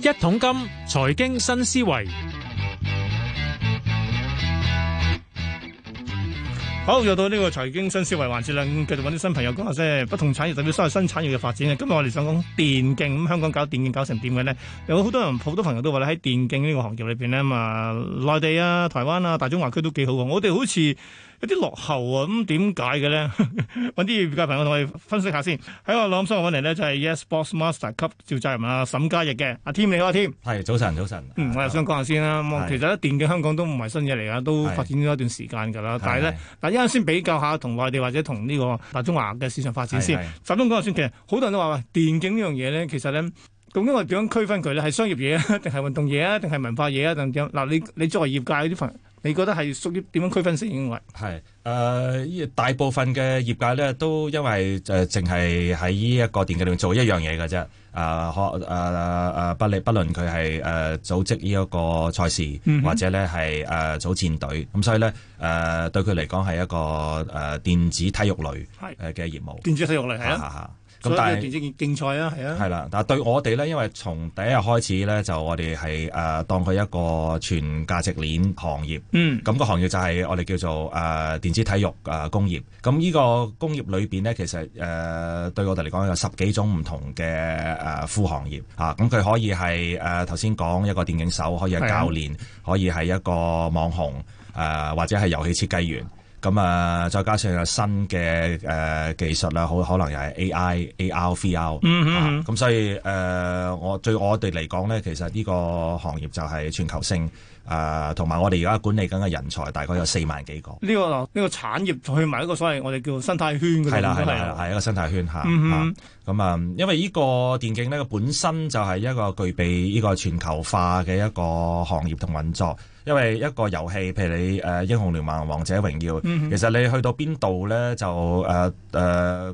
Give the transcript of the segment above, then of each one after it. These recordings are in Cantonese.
一桶金財經新思維，好，又到呢個財經新思維環節啦，繼續揾啲新朋友講下先。不同產業，代表所謂新產業嘅發展咧。今日我哋想講電競，咁香港搞電競搞成點嘅咧？有好多人，好多朋友都話咧喺電競呢個行業裏邊咧，咁啊，內地啊、台灣啊、大中華區都幾好嘅。我哋好似。有啲落後啊！咁點解嘅咧？揾 啲業界朋友同我哋分析下先。喺、哎、我諗，所以我揾嚟呢就係、是、Yesports Master 級召集人啊，沈嘉奕嘅阿添，你好添。係、啊、早晨，早晨。我又想講下先啦。是其實咧，電競香港都唔係新嘢嚟噶，都發展咗一段時間㗎啦。是但係呢，嗱，一陣先比較下同外地或者同呢個大中華嘅市場發展先。集中講下先，其實，好多人都話電競呢樣嘢呢，其實呢究竟我哋點樣區分佢呢？係商業嘢啊，定係運動嘢啊，定係文化嘢啊？定點嗱？你你作為業界嗰啲朋你覺得係屬於點樣區分先？係誒、呃，大部分嘅業界咧都因為誒，淨係喺呢一個電競裏面做一樣嘢嘅啫。啊、呃，可誒誒，不理不論佢係誒組織呢一個賽事，嗯、哼或者咧係誒組戰隊。咁所以咧誒、呃，對佢嚟講係一個誒電子體育類誒嘅業務。電子體育類係啊。 咁、嗯、但係電子競賽啊，係啊，係 啦，但係對我哋咧，因為從第一日開始咧，就我哋係誒當佢一個全價值鏈行業，嗯，咁個行業就係我哋叫做誒電子體育誒工業，咁呢個工業裏邊咧，其實誒、呃、對我哋嚟講有十幾種唔同嘅誒、呃、副行業啊，咁佢可以係誒頭先講一個電影手，可以係教練，嗯、可以係一個網紅，誒、呃、或者係遊戲設計員。咁啊，再加上有新嘅誒、呃、技術啦，好可能又係 AI、AR、VR。咁所以誒、呃，我對我哋嚟講咧，其實呢個行業就係全球性啊，同、呃、埋我哋而家管理緊嘅人才大概有四萬幾個。呢、這個呢、這個產業去埋一個所謂我哋叫生態圈嗰度。係啦係啦係一個生態圈嚇。咁啊，啊，、嗯、哼啊，因為呢個電競咧，個本身就係一個具備呢個全球化嘅一個行業同運作。因為一個遊戲，譬如你誒《英雄聯盟》《王者榮耀》，其實你去到邊度咧，就誒誒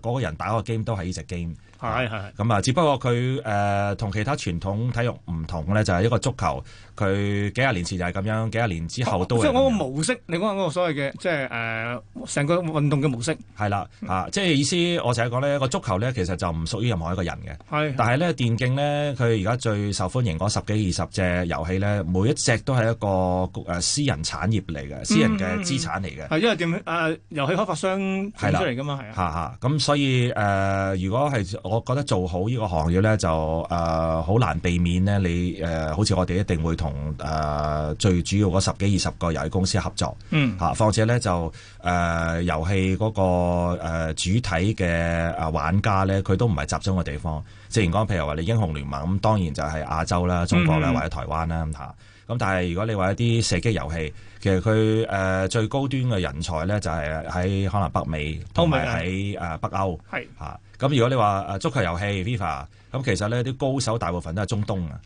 嗰個人打嗰個 game 都係呢隻 game。係係。咁啊，只不過佢誒同其他傳統體育唔同咧，就係一個足球，佢幾廿年前就係咁樣，幾廿年之後都。即係嗰個模式，你講嗰個所謂嘅，即係誒成個運動嘅模式。係啦，啊，即係意思，我成日講咧，個足球咧其實就唔屬於任何一個人嘅。係。但係咧，電競咧，佢而家最受歡迎嗰十幾二十隻遊戲咧，每一隻都係一個。誒私人產業嚟嘅，私人嘅資產嚟嘅，嗯嗯嗯，因為點誒遊戲開發商出嚟噶嘛，係吓吓，咁所以誒、呃、如果係我覺得做好呢個行業咧，就誒好、呃、難避免咧，你誒、呃、好似我哋一定會同誒、呃、最主要嗰十幾二十個遊戲公司合作，嗯吓，況、啊、且咧就誒遊戲嗰個誒、呃、主體嘅誒玩家咧，佢都唔係集中嘅地方，即然講譬如話你英雄聯盟咁，當然就係亞洲啦、中國啦或者台灣啦吓。嗯咁但係如果你話一啲射擊遊戲，其實佢誒、呃、最高端嘅人才咧，就係、是、喺可能北美，同埋喺誒北歐嚇。咁是、啊、如果你話誒足球遊戲 Viva，咁、啊、其實咧啲高手大部分都係中東啊。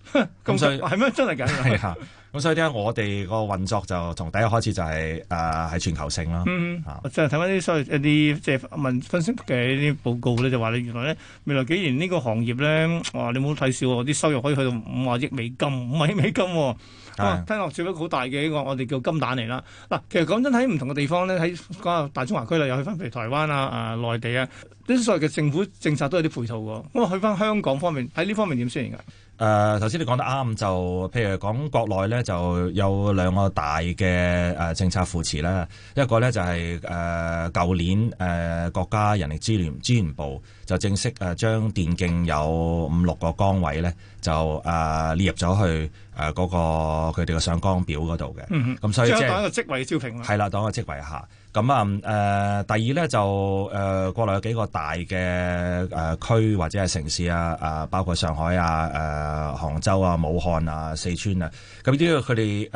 咁 急所以係咩？真係緊㗎？咁 所以咧，我哋個運作就從第一開始就係誒係全球性啦。嗯啊、我即係睇翻啲所謂一啲即係問分析嘅一啲報告咧，就話你原來咧未來幾年呢個行業咧，哇！你冇睇少喎，啲收入可以去到五萬億美金，五萬億美金喎。哦對、啊，聽落，似一個好大嘅一個，我哋叫金蛋嚟啦。嗱、啊，其實講真，喺唔同嘅地方咧，喺嗰個大中華區啦，又去翻譬如台灣啊、啊內地啊，呢啲所謂嘅政府政策都有啲配套喎。咁啊，去翻香港方面，喺呢方面點説明㗎？誒頭先你講得啱，就譬如講國內咧，就有兩個大嘅誒、呃、政策扶持啦。一個咧就係誒舊年誒、呃、國家人力資源資源部就正式誒、呃、將電競有五六個崗位咧，就誒列、呃、入咗去誒嗰個佢哋嘅上崗表嗰度嘅。咁、嗯、所以即係，係啦，當一個職位嘅招聘，當一個職位吓。咁啊，誒、嗯、第二咧就誒、呃、國內有幾個大嘅誒、呃、區或者係城市啊，誒、呃、包括上海啊、誒、呃、杭州啊、武漢啊、四川啊，咁呢個佢哋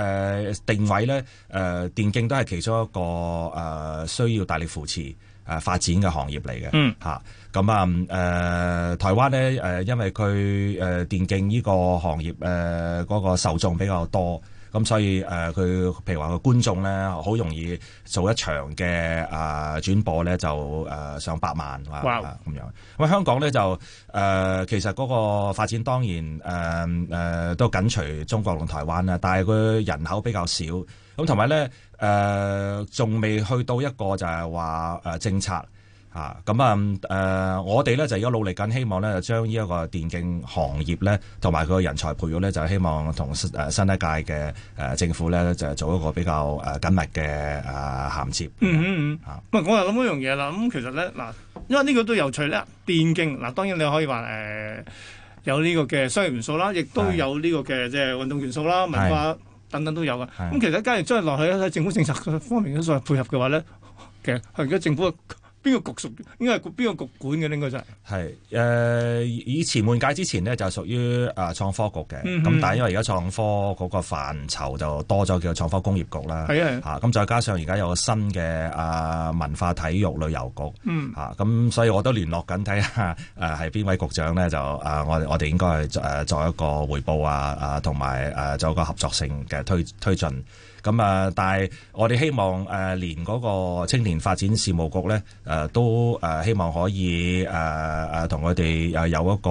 誒定位咧，誒、呃、電競都係其中一個誒、呃、需要大力扶持誒、呃、發展嘅行業嚟嘅，嗯吓。咁啊，誒、呃、台灣咧，誒、呃、因為佢誒、呃、電競呢個行業誒嗰、呃那個受眾比較多。咁、嗯、所以誒，佢、呃、譬如話個觀眾咧，好容易做一場嘅誒、呃、轉播咧，就誒、呃、上百萬啊咁樣。咁哇香港咧就誒、呃、其實嗰個發展當然誒誒、呃呃、都緊隨中國同台灣啦，但係佢人口比較少，咁同埋咧誒仲未去到一個就係話誒政策。咁啊，誒、嗯呃，我哋咧就而家努力緊，希望咧將呢一個電競行業咧，同埋佢個人才培育咧，就希望同誒新一屆嘅誒政府咧，就做一個比較誒緊密嘅誒銜接。咁、呃嗯嗯嗯、啊，我又諗一樣嘢啦。咁其實咧嗱，因為呢個都有趣咧，電競嗱，當然你可以話誒、呃、有呢個嘅商業元素啦，亦都有呢個嘅即係運動元素啦，文是化等等都有嘅。咁其實然，假如將落去喺政府政策方面有所配合嘅話咧，其實係如果政府邊個局屬？應該係邊個局管嘅？應該真係。係、呃、誒，以前換屆之前呢，就屬於誒創科局嘅。咁、嗯、哼但係因為而家創科嗰個範疇就多咗，叫創科工業局啦。係、嗯、哼啊。吓咁再加上而家有個新嘅誒、呃、文化體育旅遊局。嗯。吓咁、啊，所以我都聯絡緊睇下誒係邊位局長咧就誒、呃、我我哋應該誒作一個匯報啊啊同埋誒做一個合作性嘅推推進。咁啊、嗯！但係我哋希望誒、呃、連嗰個青年發展事務局咧，誒、呃、都誒、呃、希望可以誒誒同佢哋誒有一個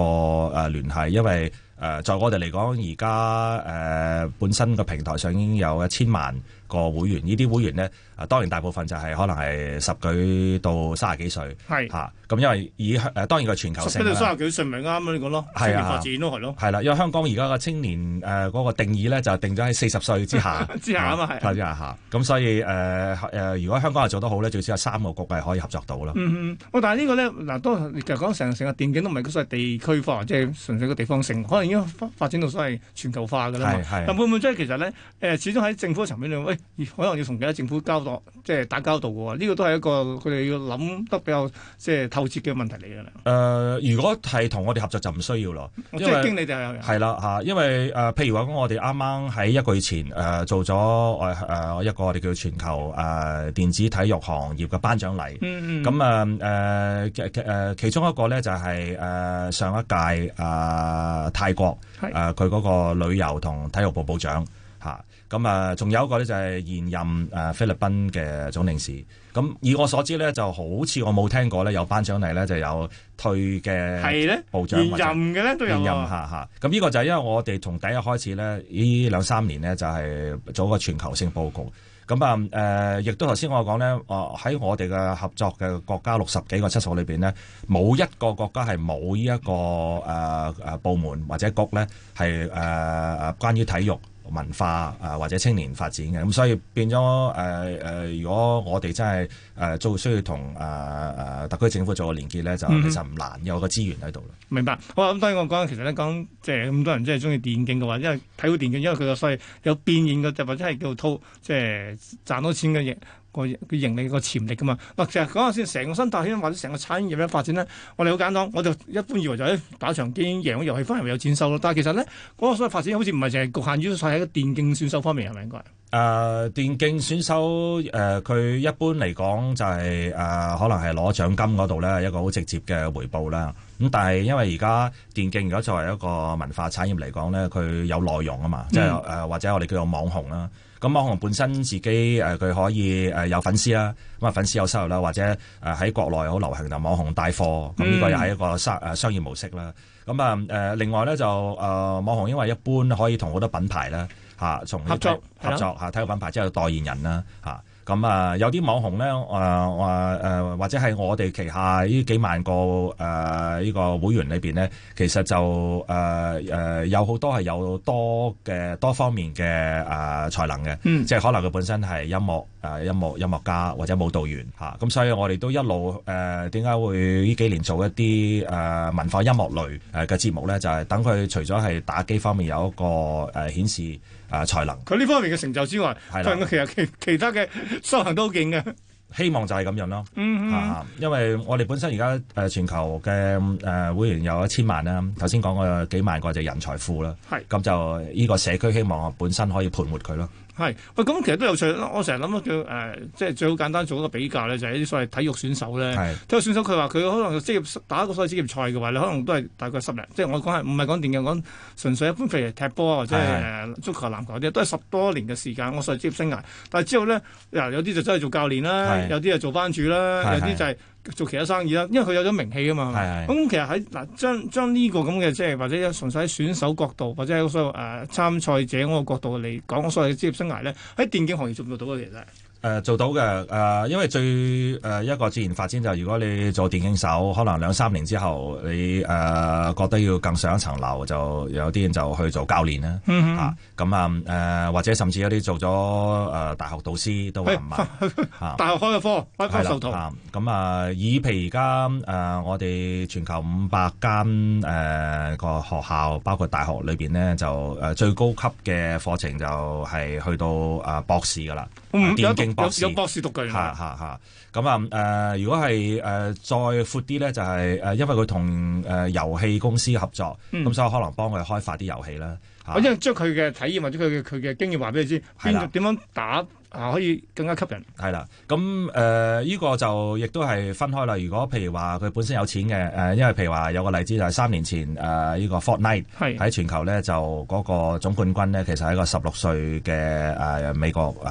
誒聯繫，因為誒、呃、在我哋嚟講，而家誒本身個平台上已經有一千萬。個會員，呢啲會員呢，啊當然大部分就係可能係十幾到三十幾歲，係嚇咁，因為以香誒、啊、當然個全球性三十幾到三十幾歲咪啱啊呢個咯，係啊發展咯係咯，係啦，因為香港而家個青年誒嗰、啊那個定義咧就定咗喺四十歲之下 之下嘛啊嘛係，之下嚇咁、啊、所以誒誒、啊啊，如果香港係做得好咧，最少有三個局係可以合作到啦、嗯啊。但係呢個咧嗱，都、啊、其實講成成個電競都唔係咁，所謂地區化，即係純粹個地方性，可能已經發展到所謂，所謂，所謂全球化噶啦嘛。係係的，咁會唔會即係其實咧誒？始終喺政府嘅層面可能要同其他政府交代，即係打交道嘅喎。呢個都係一個佢哋要諗得比較即係透徹嘅問題嚟嘅。誒，如果係同我哋合作就唔需要咯。即係經理就有人。係啦吓，因為誒，譬如話我哋啱啱喺一個月前誒做咗誒誒一個我哋叫全球誒電子體育行業嘅頒獎禮。咁啊誒誒，其中一個咧就係誒上一屆誒泰國誒佢嗰個旅遊同體育部部長。嚇咁啊，仲有一個咧，就係現任誒菲律賓嘅總領事。咁以我所知咧，就好似我冇聽過咧，有頒獎禮咧，就有退嘅係咧部長的或者 現任嘅咧都有啊嚇。咁呢個就係因為我哋從第一開始咧，呢兩三年咧就係做一個全球性報告。咁啊誒，亦、呃、都頭先我講咧，哦、呃、喺我哋嘅合作嘅國家六十幾個七所裏邊咧，冇一個國家係冇呢一個誒誒、呃、部門或者局咧係誒誒關於體育。文化啊、呃，或者青年發展嘅，咁、嗯、所以變咗誒誒，如果我哋真係誒做需要同誒誒特區政府做個連結咧，就其實唔難，有個資源喺度咯。明白。好咁、嗯、當然我講其實咧講，即係咁多人真係中意電競嘅話，因為睇到電競，因為佢個所謂有變現嘅，或者係叫套，即、呃、係賺到錢嘅嘢。個佢盈利、嗰個潛力㗎嘛，嗱成日講下成個生態圈或者成個產業嘅發展呢，我哋好簡單，我就一般以為就係打場機贏咗遊戲分係咪有錢收咯？但係其實呢，嗰、嗰個所謂發展好似唔係淨係局限於喺個電競選手方面係咪應該？誒、呃、電競選手誒佢、呃、一般嚟講就係、是、誒、呃、可能係攞獎金嗰度呢，一個好直接嘅回報啦。咁但係因為而家電競如果作為一個文化產業嚟講咧，佢有內容啊嘛，即係誒、呃、或者我哋叫做網紅啦。咁、啊、網紅本身自己誒佢、呃、可以誒、呃、有粉絲啦，咁啊粉絲有收入啦，或者誒喺、呃、國內好流行就網紅帶貨，咁、啊、呢、這個又係一個商誒商業模式啦。咁啊誒、呃、另外咧就誒、呃、網紅因為一般可以同好多品牌啦嚇從合作合作嚇睇個品牌之後代言人啦嚇。啊。咁啊、嗯，有啲網紅咧，誒誒誒，或者係我哋旗下呢幾萬個誒呢、呃這個會員裏邊咧，其實就誒誒、呃呃、有好多係有多嘅多方面嘅誒、呃、才能嘅，即係可能佢本身係音樂誒、呃、音樂音樂家或者舞蹈員嚇，咁、啊、所以我哋都一路誒點解會呢幾年做一啲誒、呃、文化音樂類誒嘅節目咧，就係等佢除咗係打機方面有一個誒顯、呃、示。啊！才能佢呢方面嘅成就之外，佢的其實其其他嘅修行都好勁嘅。希望就係咁樣咯。嗯嗯哼、啊，因為我哋本身而家誒全球嘅誒、呃、會員有一千萬啦，頭先講個幾萬個就係人才庫啦。係的，咁就呢個社區希望本身可以盤活佢咯。係喂，咁其實都有趣啦。我成日諗到叫誒，即、呃、係最好簡單做一個比較咧，就係、是、啲所謂體育選手咧。體育是選手佢話佢可能職業打一個所謂職業賽嘅話你可能都係大概十零。即、就、係、是、我講係唔係講電競，講純粹一般譬如踢波啊，或者誒足球、籃球啲，都係十多年嘅時間。我所謂職業生涯，但係之後咧，嗱有啲就真係做教練啦，有啲又做班主啦，有啲就係、是。做其他生意啦，因為佢有咗名氣啊嘛，咁是是、嗯、其實喺嗱將將呢個咁嘅即係或者純粹喺選手角度，或者喺所有誒參賽者嗰個角度嚟講，所謂嘅職業生涯咧，喺電競行業做唔做到嘅其實？誒、呃，做到嘅，誒、呃，因為最誒一個自然發展就，如果你做電競手，可能兩三年之後，你誒、呃、覺得要更上一層樓，就有啲人就去做教練啦。吓咁啊，誒、嗯嗯啊呃、或者甚至有啲做咗誒、呃、大學導師都係咪？吓、 啊、大學開個科，開翻授徒。咁啊，啊，以譬如而家誒我哋全球五百間誒個、呃、學校，包括大學裏邊呢，就誒、呃、最高級嘅課程就係去到誒博士噶啦。電競有有博士讀嘅，吓吓吓，咁啊，誒、呃，如果係誒、呃、再闊啲咧，就係、是、誒、呃，因為佢同誒遊戲公司合作，咁、嗯、所以我可能幫佢開發啲遊戲啦。我即係將佢嘅體驗或者佢嘅佢嘅經驗話俾你知，邊點樣打。啊，可以更加吸引。係啦，咁誒，呢個就亦都係分開啦。如果譬如話佢本身有錢嘅，誒，因為譬如話有個例子就係三年前誒，呢個 Fortnite 喺全球咧就嗰個總冠軍咧，其實係一個十六歲嘅誒美國誒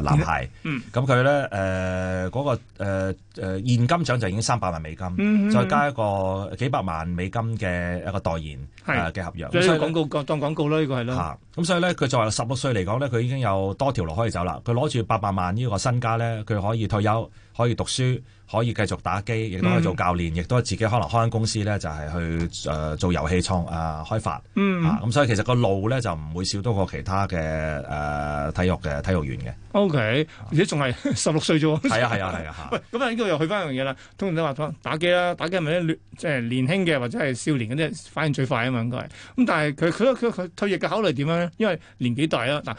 男孩。咁佢咧誒嗰個誒誒現金獎就已經三百萬美金，再加一個幾百萬美金嘅一個代言嘅合約。咁所以廣告當廣告啦，呢個係啦。咁所以咧佢作為十六歲嚟講咧，佢已經有多條路可以走啦。佢攞住八百萬呢個身家咧，佢可以退休，可以讀書，可以繼續打機，亦都可以做教練，亦、嗯、都係自己可能開間公司咧，就係、是、去誒、呃、做遊戲創誒、呃、開發。嗯，咁、啊嗯、所以其實個路咧就唔會少多過其他嘅誒、呃、體育嘅體育員嘅。O、okay, K，而且仲係十六歲啫。係啊係啊係啊。啊啊啊喂，咁啊，呢個又去翻樣嘢啦。通常都話打打機啦，打機係咪即係年輕嘅或者係少年嗰啲反應最快啊嘛，應該係。咁但係佢佢佢佢退役嘅考慮點樣咧？因為年紀大啦嗱。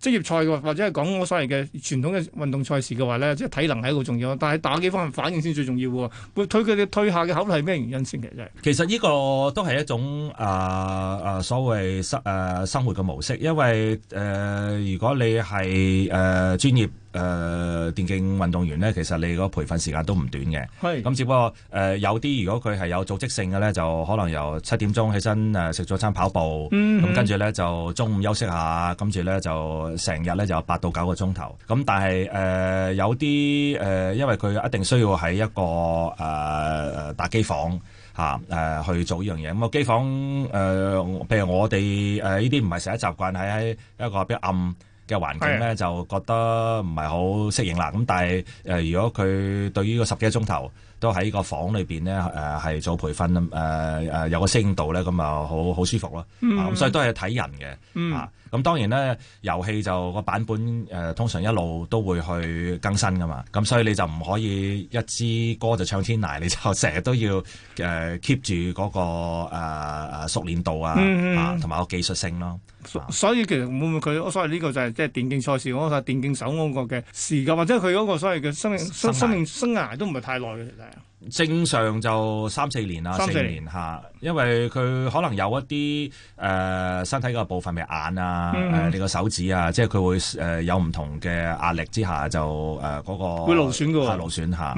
職業賽嘅或者係講我所謂嘅傳統嘅運動賽事嘅話咧，即係體能係一個重要，但係打幾方面反應先最重要喎。會推佢哋退下嘅考慮係咩原因先其實？其實呢個都係一種誒誒、呃、所謂生、呃、生活嘅模式，因為誒、呃、如果你係誒、呃、專業。誒、呃、電競運動員咧，其實你個培訓時間都唔短嘅，咁是的 只不過誒、呃、有啲如果佢係有組織性嘅咧，就可能由七點鐘起身誒食早餐、跑步，咁、嗯嗯、跟住咧就中午休息下，跟住咧就成日咧就八到九個鐘頭。咁、嗯、但係誒、呃、有啲誒、呃、因為佢一定需要喺一個誒、呃、打機房嚇誒、啊呃、去做依樣嘢。咁、嗯、個機房誒，譬、呃、如我哋誒依啲唔係成日習慣喺一個比較暗嘅環境咧就覺得唔係好適應啦，咁但係誒、呃、如果佢對於個十幾個鐘頭都喺個房裏邊咧誒係做培訓，誒、呃、誒、呃、有個適應度咧，咁啊好好舒服咯。咁、啊、所以都係睇人嘅。咁、啊、當然咧遊戲就個版本誒、呃、通常一路都會去更新噶嘛，咁所以你就唔可以一支歌就唱天涯，你就成日都要誒 keep 住嗰個誒誒、啊、熟練度啊，同、啊、埋個技術性咯。嗯、所以其實會唔會佢所謂呢個就係即係電競賽事嗰個、嗯、電競手嗰個嘅時間，或者佢嗰個所謂嘅生命生命涯生涯都唔係太耐嘅，其實正常就三四年啊，三四年嚇，因為佢可能有一啲誒、呃、身體嗰部分，嘅眼啊，誒、呃、你個手指啊，即係佢會誒、呃、有唔同嘅壓力之下，就誒嗰、呃那個會勞損㗎喎，勞損嚇，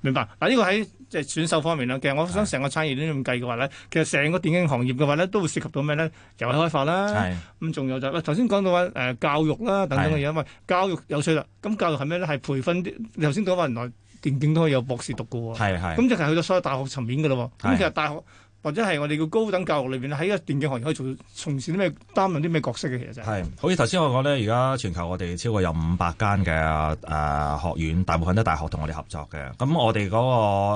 明白？嗱、啊，呢、這個喺即係選秀方面啦，其實我想成個產業都咁計嘅話咧，是其實成個電競行業嘅話咧，都會涉及到咩咧？遊、就、戲、是、開發啦，咁仲是、嗯、有就喂頭先講到話誒、呃、教育啦、啊、等等嘅嘢，是因為教育有趣啦，咁、嗯、教育係咩咧？係培訓啲你頭先講話原來電競都可以有博士讀嘅喎，咁是就係去到所有大學層面嘅咯喎，咁是其實大學。或者係我哋叫高等教育裏邊喺一個電競學院可以做從事啲咩，擔任啲咩角色嘅，其實、就是？係，好似頭先我講咧，而家全球我哋超過有五百間嘅誒學院，大部分都大學同我哋合作嘅。咁我哋嗰、那個誒、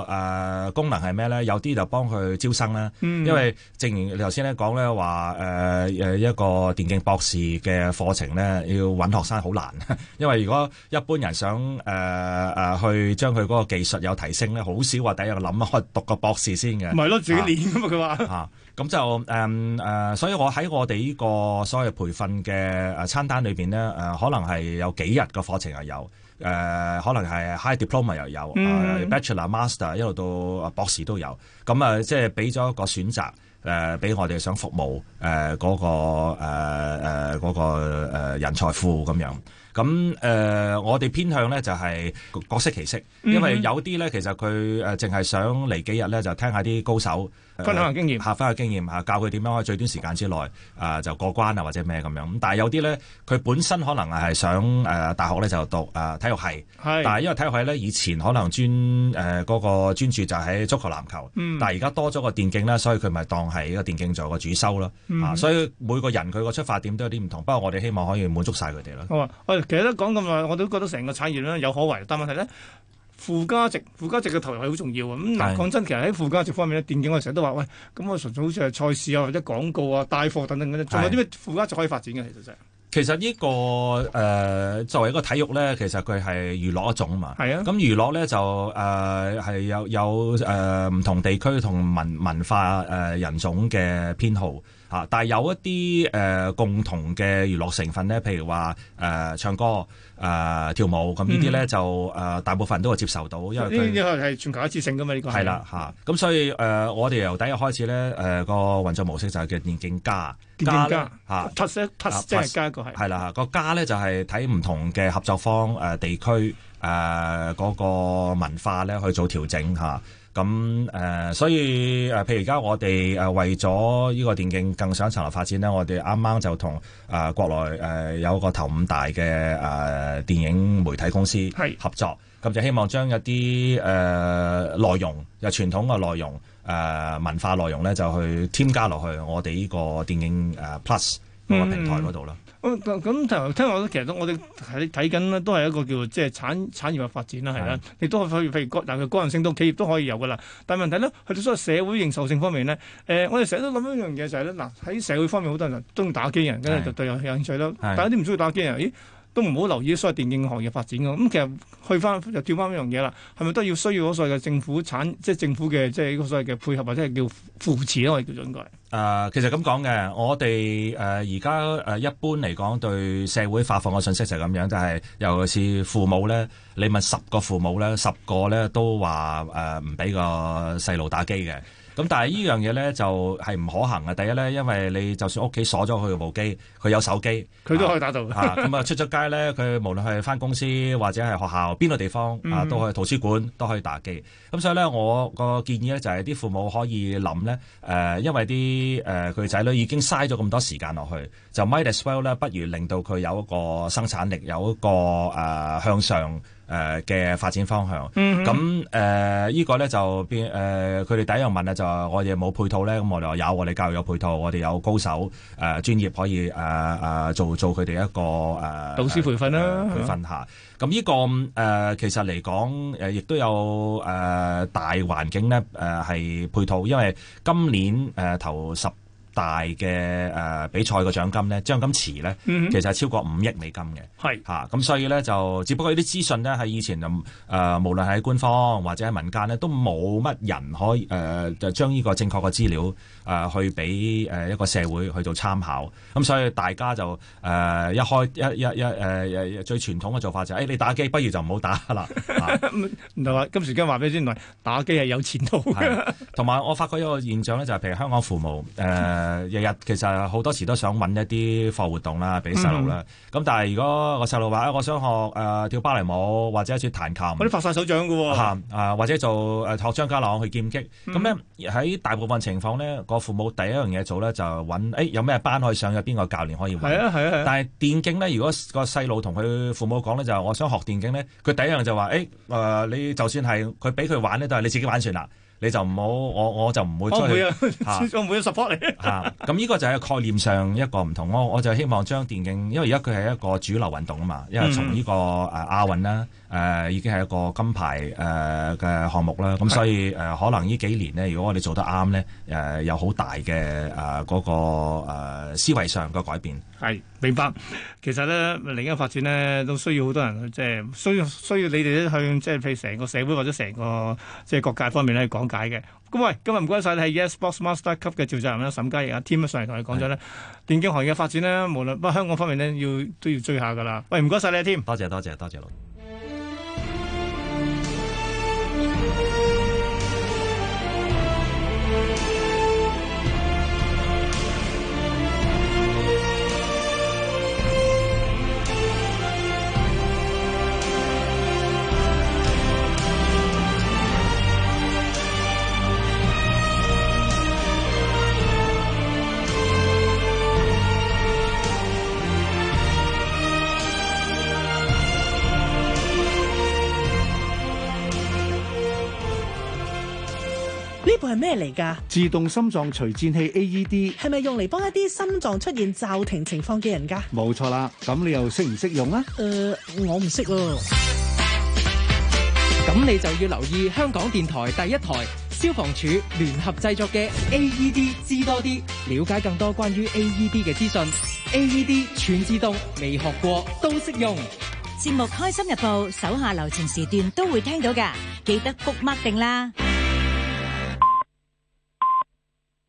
呃、功能係咩咧？有啲就幫佢招生啦，因為正如你頭先咧講咧話，誒、呃、誒一個電競博士嘅課程咧，要搵學生好難。因為如果一般人想誒誒、呃呃、去將佢嗰個技術有提升咧，好少話第一個諗開讀個博士先嘅。唔係咯，自己咁佢話嚇，咁就誒誒，所以我喺我哋呢個所有培訓嘅餐單裏邊咧，誒可能係有幾日嘅課程係有，誒可能係 High Diploma 又有，Bachelor、Master 一路到博士都有，咁啊即係俾咗一個選擇，誒俾我哋想服務誒嗰個誒誒嗰個誒人才庫咁樣。rats 咁誒、呃，我哋偏向咧就係、是、各適其適，因為有啲咧其實佢誒淨係想嚟幾日咧就聽下啲高手，呃、分享經驗，下分享經驗嚇教佢點樣喺最短時間之內誒、呃、就過關啊或者咩咁樣。咁但係有啲咧佢本身可能係想誒、呃、大學咧就讀誒、呃、體育系，係是，但係因為體育系咧以前可能專誒嗰個專注就喺足球籃球，嗯、但係而家多咗個電競啦，所以佢咪當係一個電競做個主修咯，啊嗯、所以每個人佢個出發點都有啲唔同，不過我哋希望可以滿足晒佢哋咯。其實咧講咁耐，我都覺得成個產業咧有可為，但問題咧附加值、附加值嘅投入係好重要，咁嗱，講、嗯、是的 真，其實喺附加值方面咧，電競我成日都話喂，咁我純粹好似係賽事啊，或者廣告啊、帶貨等等啲，仲有啲咩附加值可以發展嘅其實就係？其實呢、呢個誒、呃、作為一個體育咧，其實佢係娛樂一種嘛。係啊，咁娛、嗯、樂咧就誒係、呃、有有誒唔、呃、同地區同文文化誒、呃、人種嘅偏好啊，但係有一啲誒、呃、共同嘅娛樂成分咧，譬如話誒、呃、唱歌、誒、呃、跳舞咁、嗯、呢啲咧就誒、呃、大部分人都係接受到，因為呢啲係全球一致性噶嘛呢個。係啦，嚇！咁所以誒，我哋由第一日開始咧誒個運作模式就係叫「電競加。加家嚇 plus plus 即係加個係。係啦，個加咧就係睇唔同嘅合作方誒地區誒嗰個文化咧去做調整嚇。咁誒所以誒，譬如而家我哋誒為咗呢個電競更上一層樓發展咧，我哋啱啱就同誒國內誒有個頭五大嘅誒電影媒體公司係合作，咁就希望將一啲誒內容，由傳統嘅內容。誒、呃、文化內容咧就去添加落去我哋呢個電影誒、呃、Plus 嗰個平台嗰度咯。咁就、嗯、聽講其實我哋睇睇緊都係一個叫即係產產業嘅發展啦，係啦。你的都可以譬如，譬如個，人性到企業都可以有噶啦。但係問題咧，去到所謂社會認受性方面呢，誒、呃、我哋成日都諗一樣嘢就係咧，嗱喺社會方面好多人都中意打機人，咁的就對有，有興趣啦。但係啲唔中意打機人，咦？都唔好留意所謂電競行業發展嘅，咁、嗯、其實去翻又轉翻一樣嘢啦，係咪都要需要所謂嘅政府產，即、就、係、是、政府嘅即係嗰個所謂嘅配合，或者係叫扶持咯，我哋叫應該。誒，其實咁講嘅，我哋誒而家誒一般嚟講對社會發放嘅信息就係咁樣，就係尤其是父母咧，你問十個父母咧，十個咧都話誒唔俾個細路打機嘅。咁但係呢樣嘢咧就係、是、唔可行嘅。第一咧，因為你就算屋企鎖咗佢部機，佢有手機，佢都可以打到。啊，咁啊出咗街咧，佢無論係返公司或者係學校邊個地方啊，都可以圖書館都可以打機。咁所以咧，我個建議咧就係啲父母可以諗咧，誒、呃，因為啲誒佢仔女已經嘥咗咁多時間落去。就 might as well 咧，不如令到佢有一個生產力，有一個誒、呃、向上誒嘅、呃、發展方向。咁誒、嗯嗯呃這個、呢個咧就變誒佢哋第一樣問咧，就話我哋冇配套咧，咁我哋話有，我哋教育有配套，我哋有高手誒專、呃、業可以誒誒、呃、做做佢哋一個誒、呃、導師培訓啦，呃、培訓下。咁呢、嗯這個誒、呃、其實嚟講誒亦都有誒、呃、大環境咧誒係配套，因為今年誒頭十大嘅誒、呃、比賽個獎金咧，獎金池咧，其實係超過五億美金嘅。係嚇咁，啊、所以咧就只不過啲資訊咧喺以前就誒、呃，無論係喺官方或者喺民間咧，都冇乜人可以誒，就將呢個正確嘅資料誒、呃、去俾誒一個社會去做參考。咁、啊、所以大家就誒、呃、一開一一一誒最傳統嘅做法就係、是、誒、哎、你打機，不如就唔好打啦。唔、啊、係、 嗯、今時今日話俾你知，唔係打機係有前途嘅。同埋我發覺一個現象咧、就是，就係譬如香港父母誒、呃。嗯 誒，日日其實好多時都想揾一啲課活動啦，俾細路啦。咁、嗯、哼但係如果個細路話，我想學誒、啊、跳芭蕾舞或者去彈琴，你發晒手掌噶吓，啊或者做誒、啊、學張家朗去劍擊。咁咧喺大部分情況咧，個父母第一樣嘢做咧就揾，誒、欸，有咩班可以上，有邊個教練可以揾、啊啊啊、但係電競咧，如果個細路同佢父母講咧，就是、我想學電競咧，佢第一樣就話，誒、欸、誒、呃、你就算係佢俾佢玩咧，都係你自己玩算啦。你就唔好，我我就唔會。再唔會啊，我唔會 support 你、啊。嚇、啊，咁呢個就係概念上一個唔同咯。我就希望將電競，因為而家佢係一個主流運動啊嘛。因為從呢個誒亞運啦，誒已經係一個金牌誒嘅、啊、項目啦。咁所以誒、啊，可能呢幾年咧，如果我哋做得啱咧，誒、啊、有好大嘅誒嗰個、啊、思維上嘅改變。係，明白。其實咧，另一個發展咧，都需要好多人去即係，需要需要你哋咧去即係，譬如成個社會或者成個即係各界方面咧去講解嘅。咁喂，今日唔該晒你係 Yesports Master 級嘅趙責任啦，沈嘉奕啊 Tim 上嚟同你講咗咧，的電競行業嘅發展咧，無論不過香港方面咧要都要追下㗎啦。喂，唔該晒你，Tim 多。多謝多謝多謝。係咩嚟噶？自動心臟除顫器 AED 係咪用嚟幫一啲心臟出現驟停情況嘅人噶？冇錯啦，咁你又識唔識用啊？誒、呃，我唔識咯。咁你就要留意香港電台第一台消防處聯合製作嘅 AED 知多啲，了解更多關於 AED 嘅資訊。AED 全自動，未學過都識用。節目《開心日報》手下留情時段都會聽到噶，記得 b 乜定啦。